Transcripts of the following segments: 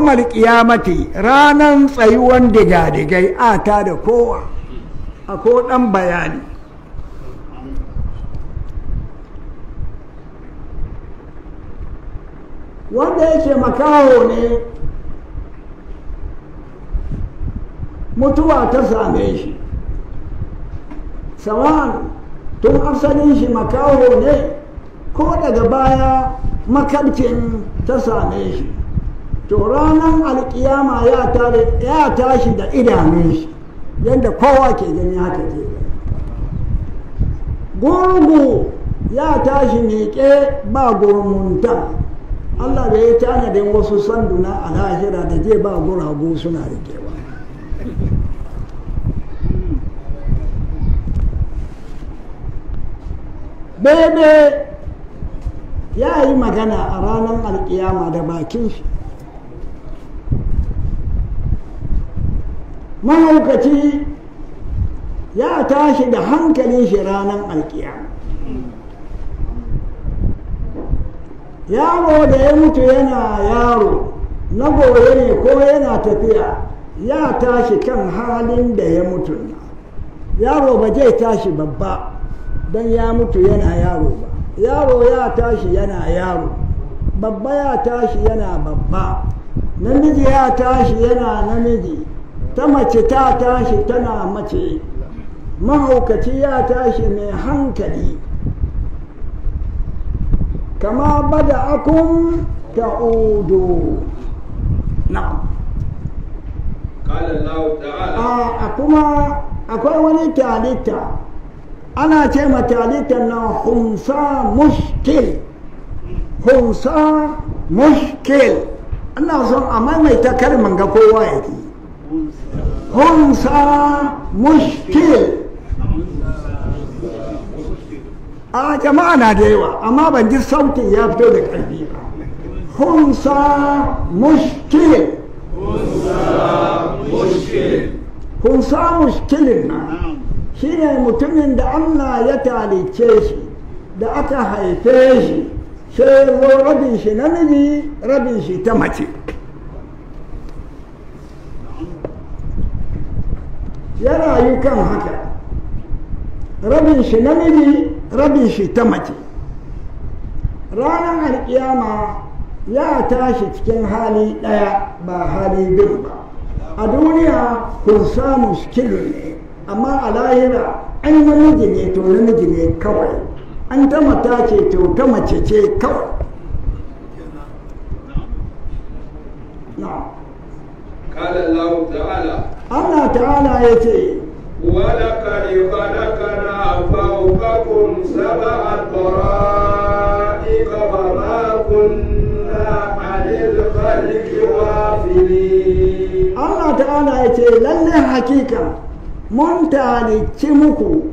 yawmal kiyamati ranan tsayuwan digadigai ata da kowa a ko dan bayani wanda yake makaho ne mutuwa ta same shi sawan tun asalin shi makaho ne ko daga baya makarkin ta same shi to ranan alkiyama ya tashi da idanun shi yadda kowa ke gani haka ke gurgu ya tashi miƙe ba gurmunta Allah da ya da wasu sanduna a lahira da je ba guragu suna riƙewa bebe ya yi magana a ranar alkiyama da bakin shi mahaukaci ya tashi da hankalin shi ranar alkiya yaro da ya mutu yana yaro na goye ne ko yana tafiya ya tashi kan halin da ya mutu yaro ba zai tashi babba don ya mutu yana yaro ba yaro ya tashi yana yaro babba ya tashi yana babba namiji ya tashi yana namiji ta mace ta tashi tana mace mahaukaci ya tashi mai hankali kama bada akun ta'udu na a kuma akwai wani talita ana ce ma talita na hunsa mushkil hunsa mushkil ana son a maimaita kalman ga kowa yake أنثى مشكل آه جماعة ديوا أما بنجي صوتي يا بدو لك أنثى مشكل أنثى مشكل أنثى مشكل شنو المتمن ده أنا تشيشي ده أتا هاي تشيشي شنو ربي تمتي ya rayu kan haka rabin shi namiji rabin shi ta mace ranar alkiyama ya tashi cikin hali ɗaya ba hali biyu ba a duniya kun samu skill ne amma a lahira an namiji ne to namiji ne kawai an ta mata ce to ta mace ce kawai قال الله تعالى Allah ta'ala ya ce wala kare kana kana fa ukakum sab'a qara'i kama ma kunna alil khaliqi wa fili Allah ta'ala ya ce lalle hakika mun ta ne ci muku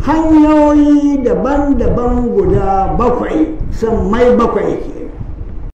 hanyoyi daban-daban guda bakwai san mai bakwai ke